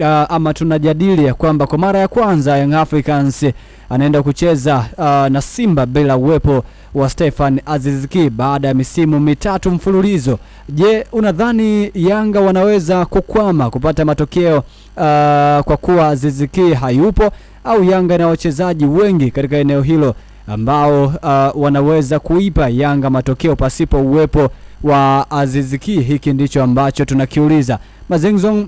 uh, ama tunajadili ya kwamba kwa mara ya kwanza Young Africans anaenda kucheza uh, na Simba bila uwepo wa Stefan aziziki baada ya misimu mitatu mfululizo. Je, unadhani Yanga wanaweza kukwama kupata matokeo uh, kwa kuwa aziziki hayupo au Yanga na wachezaji wengi katika eneo hilo ambao uh, wanaweza kuipa Yanga matokeo pasipo uwepo wa Aziziki. Hiki ndicho ambacho tunakiuliza Mazengzong. Uh,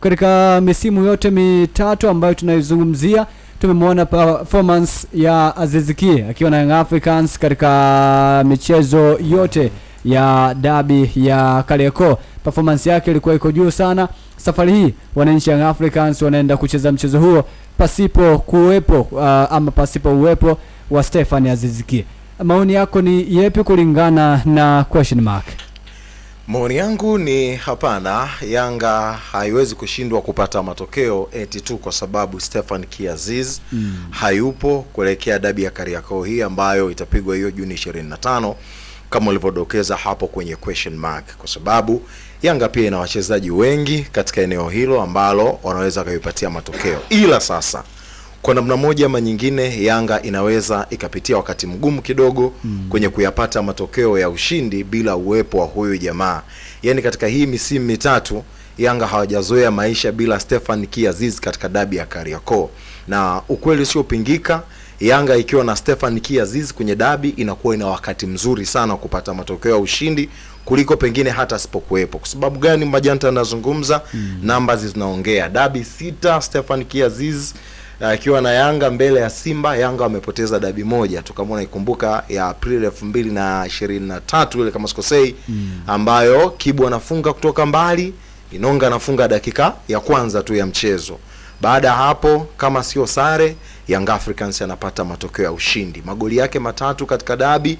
katika misimu yote mitatu ambayo tunaizungumzia tumemwona performance ya Aziziki akiwa na Young Africans katika michezo yote ya dabi ya Kariakoo. Performance yake ilikuwa iko juu sana. Safari hii wananchi Young Africans wanaenda kucheza mchezo huo pasipo kuwepo uh, ama pasipo uwepo wa Stefan Aziziki maoni yako ni yepi kulingana na question mark? Maoni yangu ni hapana, Yanga haiwezi kushindwa kupata matokeo eti tu kwa sababu Stefan Kiaziz mm. hayupo kuelekea dabi ya Kariakoo hii ambayo itapigwa hiyo Juni 25 kama ulivyodokeza hapo kwenye question mark, kwa sababu Yanga pia ina wachezaji wengi katika eneo hilo ambalo wanaweza wakaipatia matokeo, ila sasa kwa namna moja ama nyingine Yanga inaweza ikapitia wakati mgumu kidogo mm. kwenye kuyapata matokeo ya ushindi bila uwepo wa huyu jamaa. Yaani katika hii misimu mitatu Yanga hawajazoea maisha bila Stefan Kiaziz katika dabi ya Kariakoo, na ukweli usiopingika Yanga ikiwa na Stefan Kiaziz kwenye dabi inakuwa ina wakati mzuri sana wa kupata matokeo ya ushindi kuliko pengine hata asipokuwepo. Kwa sababu gani? Majanta anazungumza mm. namba zinaongea, dabi sita Stefan Kiaziz akiwa na Yanga mbele ya Simba. Yanga wamepoteza dabi moja tu kama unaikumbuka, ya Aprili elfu mbili na ishirini na tatu ile kama sikosei, mm. ambayo Kibu anafunga kutoka mbali, Inonga anafunga dakika ya kwanza tu ya mchezo. Baada ya hapo kama sio sare, Young Africans anapata matokeo ya ushindi, magoli yake matatu katika dabi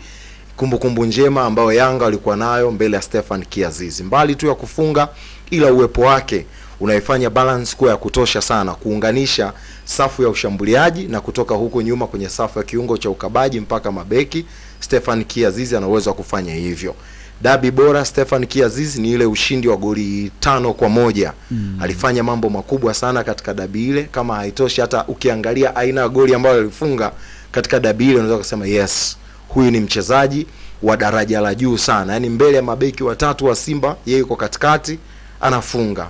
kumbukumbu njema ambayo Yanga walikuwa nayo mbele ya Stefan Kiazizi, mbali tu ya kufunga, ila uwepo wake unaifanya balance kuwa ya kutosha sana kuunganisha safu ya ushambuliaji na kutoka huko nyuma kwenye safu ya kiungo cha ukabaji mpaka mabeki. Stefan Kiazizi ana uwezo wa kufanya hivyo. Dabi bora Stefan Kiazizi ni ile ushindi wa goli tano kwa moja. Mm. Alifanya mambo makubwa sana katika dabi ile. Kama haitoshi, hata ukiangalia aina ya goli ambayo alifunga katika dabi ile, unaweza kusema yes, huyu ni mchezaji wa daraja la juu sana, yaani mbele ya mabeki watatu wa Simba, yeye yuko katikati anafunga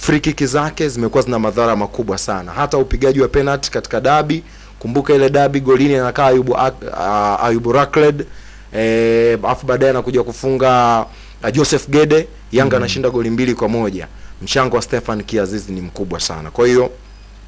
frikiki zake zimekuwa zina madhara makubwa sana, hata upigaji wa penalty katika dabi. Kumbuka ile dabi golini anakaa Ayubu, uh, Ayubu Rakled eh, afu baadaye anakuja kufunga uh, Joseph Gede, Yanga mm-hmm. anashinda mm -hmm. goli mbili kwa moja. Mchango wa Stefan Kiaziz ni mkubwa sana, kwa hiyo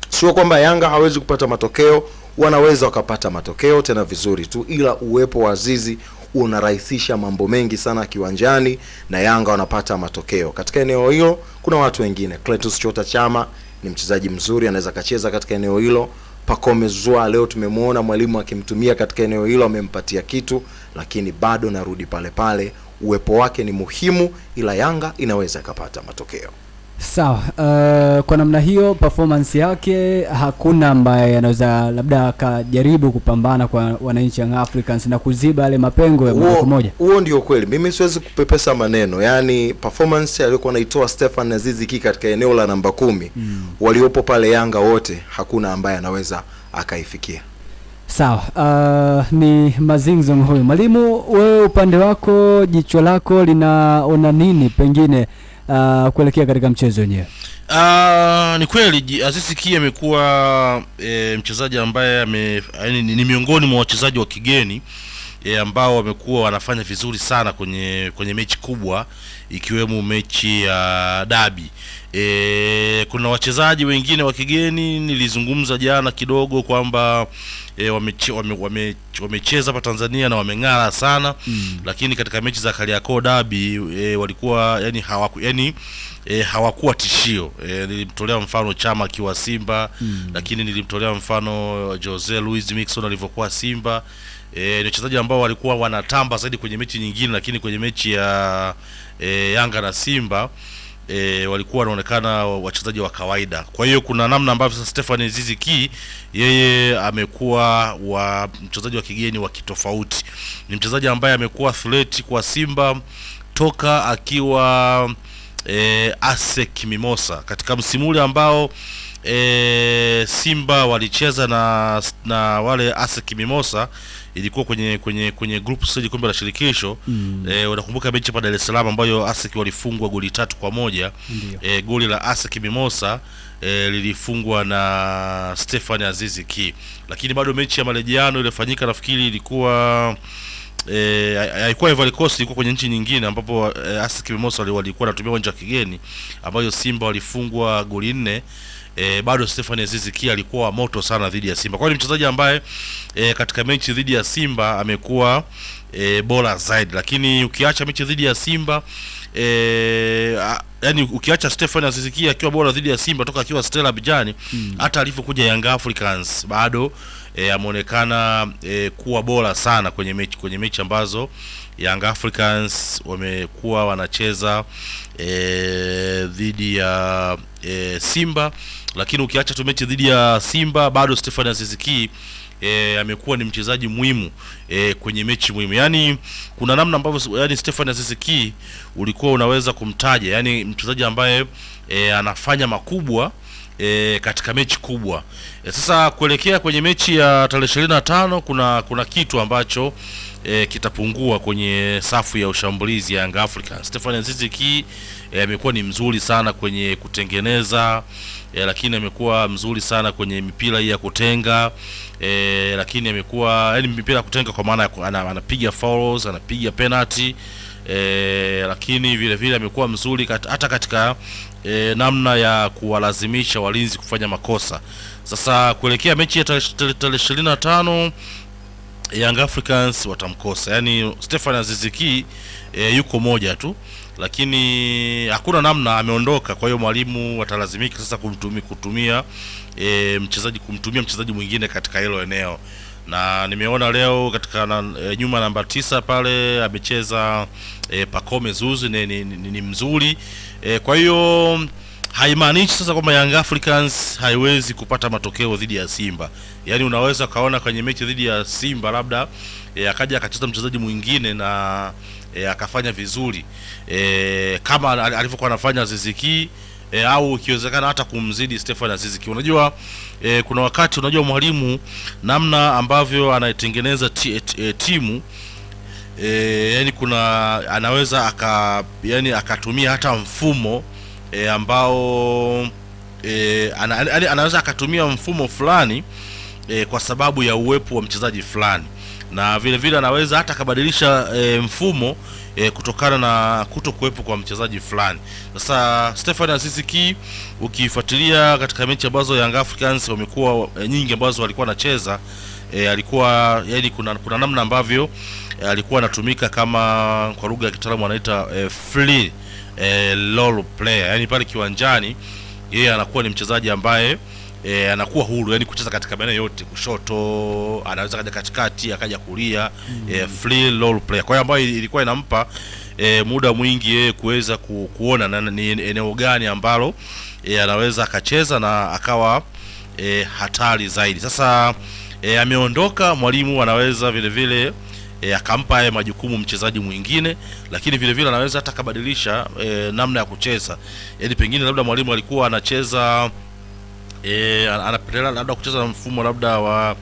sio kwamba Yanga hawezi kupata matokeo, wanaweza wakapata matokeo tena vizuri tu, ila uwepo wa Azizi unarahisisha mambo mengi sana kiwanjani na Yanga wanapata matokeo katika eneo hilo. Kuna watu wengine, Cletus Chota Chama ni mchezaji mzuri, anaweza akacheza katika eneo hilo. Pacome Zouzoua leo tumemwona mwalimu akimtumia katika eneo hilo, amempatia kitu, lakini bado narudi pale pale, uwepo wake ni muhimu, ila Yanga inaweza ikapata matokeo. Sawa. Uh, kwa namna hiyo performance yake hakuna ambaye anaweza labda akajaribu kupambana kwa wananchi Young Africans na kuziba yale mapengo ya moja kwa moja. Huo ndio kweli. Mimi siwezi kupepesa maneno. Yaani performance aliyokuwa anaitoa Stefan Azizi Ki katika eneo la namba kumi mm. waliopo pale Yanga wote hakuna ambaye anaweza akaifikia. Sawa. Uh, ni mazingzo huyu. Mwalimu, wewe upande wako jicho lako linaona nini pengine uh, kuelekea katika mchezo wenyewe? Uh, ni kweli Azizi Ki amekuwa e, mchezaji ambaye ame, ni, ni miongoni mwa wachezaji wa kigeni e, ambao wamekuwa wanafanya vizuri sana kwenye kwenye mechi kubwa ikiwemo mechi ya dabi. E, eh, kuna wachezaji wengine wa kigeni nilizungumza jana kidogo kwamba e, eh, wamecheza wame, wame, wame hapa Tanzania na wameng'ara sana mm. Lakini katika mechi za Kariakoo dabi e, walikuwa yani hawaku yani e, hawakuwa tishio e, nilimtolea mfano Chama akiwa Simba mm. Lakini nilimtolea mfano Jose Luis Mixon alivyokuwa Simba e, ni wachezaji ambao walikuwa wanatamba zaidi kwenye mechi nyingine, lakini kwenye mechi ya e, Yanga na Simba e, walikuwa wanaonekana wachezaji wa kawaida. Kwa hiyo kuna namna ambavyo Stefan Ziziki yeye amekuwa wa mchezaji wa kigeni wa kitofauti, ni mchezaji ambaye amekuwa threat kwa Simba toka akiwa e, ASEC Mimosa katika msimu ule ambao e, Simba walicheza na na wale ASEC Mimosa, ilikuwa kwenye kwenye kwenye group stage kombe la shirikisho mm. E, unakumbuka mechi pa Dar es Salaam ambayo ASEC walifungwa goli tatu kwa moja E, goli la ASEC Mimosa e, lilifungwa na Stefan Azizi Ki, lakini bado mechi ya marejeano iliyofanyika nafikiri ilikuwa E, haikuwa Ivory Coast, ilikuwa kwenye nchi nyingine ambapo e, eh, ASEC wali, walikuwa wanatumia uwanja wa kigeni ambayo Simba walifungwa goli nne. E, bado Stephane Aziz Ki alikuwa moto sana dhidi ya Simba. Kwa hiyo ni mchezaji ambaye e, katika mechi dhidi ya Simba amekuwa e, bora zaidi, lakini ukiacha mechi dhidi ya Simba e, yani ukiacha Stefan Azizikia akiwa bora dhidi ya Simba toka akiwa Stella Bijani hmm. hata mm. alivyokuja Young Africans bado e, ameonekana e, kuwa bora sana kwenye mechi kwenye mechi ambazo Young Africans wamekuwa wanacheza e, dhidi ya e, Simba lakini ukiacha tu mechi dhidi ya Simba bado Stefan Aziziki E, amekuwa ni mchezaji muhimu e, kwenye mechi muhimu. Yani kuna namna ambavyo yani Stefan Aziziki ulikuwa unaweza kumtaja yani mchezaji ambaye e, anafanya makubwa e, katika mechi kubwa e. Sasa kuelekea kwenye mechi ya tarehe 25 kuna kuna kitu ambacho e, kitapungua kwenye safu ya ushambulizi ya Yanga Africa. Stefan Azizi Ki eh, amekuwa e, ni mzuri sana kwenye kutengeneza e, lakini amekuwa mzuri sana kwenye mipira hii ya kutenga e, lakini amekuwa yaani mipira ya kutenga kwa maana anapiga fouls, anapiga penalty e, lakini vile vile amekuwa mzuri kat, hata katika e, namna ya kuwalazimisha walinzi kufanya makosa. Sasa kuelekea mechi ya tarehe 25 Young Africans watamkosa, yaani Stefan Aziziki e, eh, yuko moja tu, lakini hakuna namna, ameondoka. Kwa hiyo mwalimu watalazimika sasa kumtumi, kutumia e, mchezaji kumtumia mchezaji mwingine katika hilo eneo, na nimeona leo katika na, e, nyuma namba tisa pale amecheza e, Pacome Zuzi ni, ni, ni, ni mzuri e, kwa hiyo haimaanishi sasa kwamba Young Africans haiwezi kupata matokeo dhidi ya Simba. Yaani unaweza kaona kwenye mechi dhidi ya Simba labda e, akaja akacheza mchezaji mwingine na e, akafanya vizuri e, kama alivyokuwa anafanya Ziziki e, au ikiwezekana hata kumzidi Stefan Ziziki. Unajua e, kuna wakati unajua mwalimu namna ambavyo anaitengeneza timu e, yani kuna anaweza aka yani akatumia hata mfumo e, ambao e, ana, ana, anaweza akatumia mfumo fulani e, kwa sababu ya uwepo wa mchezaji fulani na vile vile anaweza hata akabadilisha e, mfumo e, kutokana na kuto kuwepo kwa mchezaji fulani. Sasa Stefan Aziz Ki ukifuatilia katika mechi ambazo Young Africans wamekuwa e, nyingi ambazo walikuwa anacheza e, alikuwa yani, kuna, kuna namna ambavyo e, alikuwa anatumika kama kwa lugha ya kitaalamu anaita e, free e, role player, yani pale kiwanjani yeye anakuwa ni mchezaji ambaye E, anakuwa huru yani kucheza katika maeneo yote, kushoto anaweza kaja katikati akaja kulia mm -hmm. E, free role player, kwa hiyo ambayo ilikuwa inampa e, muda mwingi yeye kuweza ku, kuona na, ni eneo gani ambalo e, anaweza akacheza na akawa e, hatari zaidi. Sasa e, ameondoka mwalimu, anaweza vile vile e, akampa haya majukumu mchezaji mwingine, lakini vile vile anaweza hata akabadilisha e, namna ya kucheza, yaani pengine labda mwalimu alikuwa anacheza e, anapendelea labda kucheza na mfumo labda wa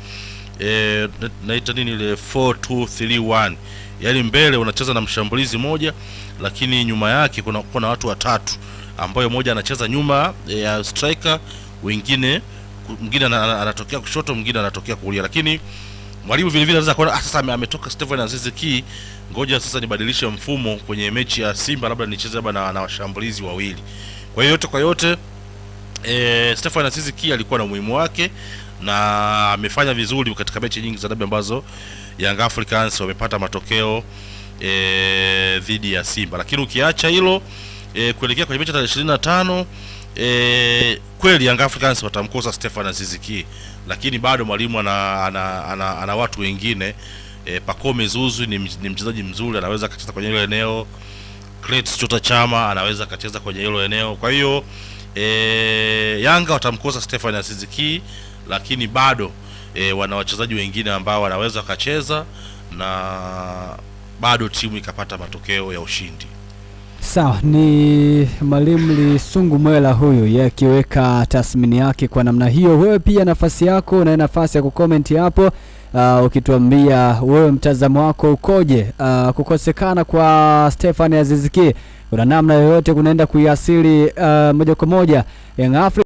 e, naita nini ile 4231 yaani mbele unacheza na mshambulizi moja, lakini nyuma yake kuna, kuna watu watatu ambayo moja anacheza nyuma e, ya e, striker wengine mwingine anatokea kushoto, mwingine anatokea kulia, lakini Mwalimu vile vile anaweza kuona ah, sasa ametoka Steven Aziz Ki, ngoja sasa nibadilishe mfumo kwenye mechi ya Simba, labda nicheze labda na, na washambulizi wawili. Kwa hiyo yote kwa yote e, eh, Steven Aziz Ki alikuwa na umuhimu wake na amefanya vizuri katika mechi nyingi za dabi ambazo Young Africans wamepata matokeo eh, dhidi e, ya Simba. Lakini ukiacha hilo e, kuelekea kwenye mechi ya tarehe 25 e, kweli Young Africans watamkosa Stephen Aziz Ki lakini bado mwalimu ana, ana, ana, ana watu wengine e, Pacome Zuzu ni, ni mchezaji mzuri, anaweza akacheza kwenye hilo eneo. Kretz Chota Chama anaweza akacheza kwenye hilo eneo. Kwa hiyo e, Yanga watamkosa Stefan asiziki lakini bado e, wana wachezaji wengine ambao wanaweza wakacheza na bado timu ikapata matokeo ya ushindi. Sawa, ni Mwalimu Lisungu Mwela huyu yeye akiweka tathmini yake kwa namna hiyo. Wewe pia nafasi yako, unaye nafasi ya kukomenti hapo uh, ukituambia wewe mtazamo wako ukoje. Uh, kukosekana kwa Stefan Aziziki kuna namna yoyote kunaenda kuiasili uh, moja kwa moja Young Africans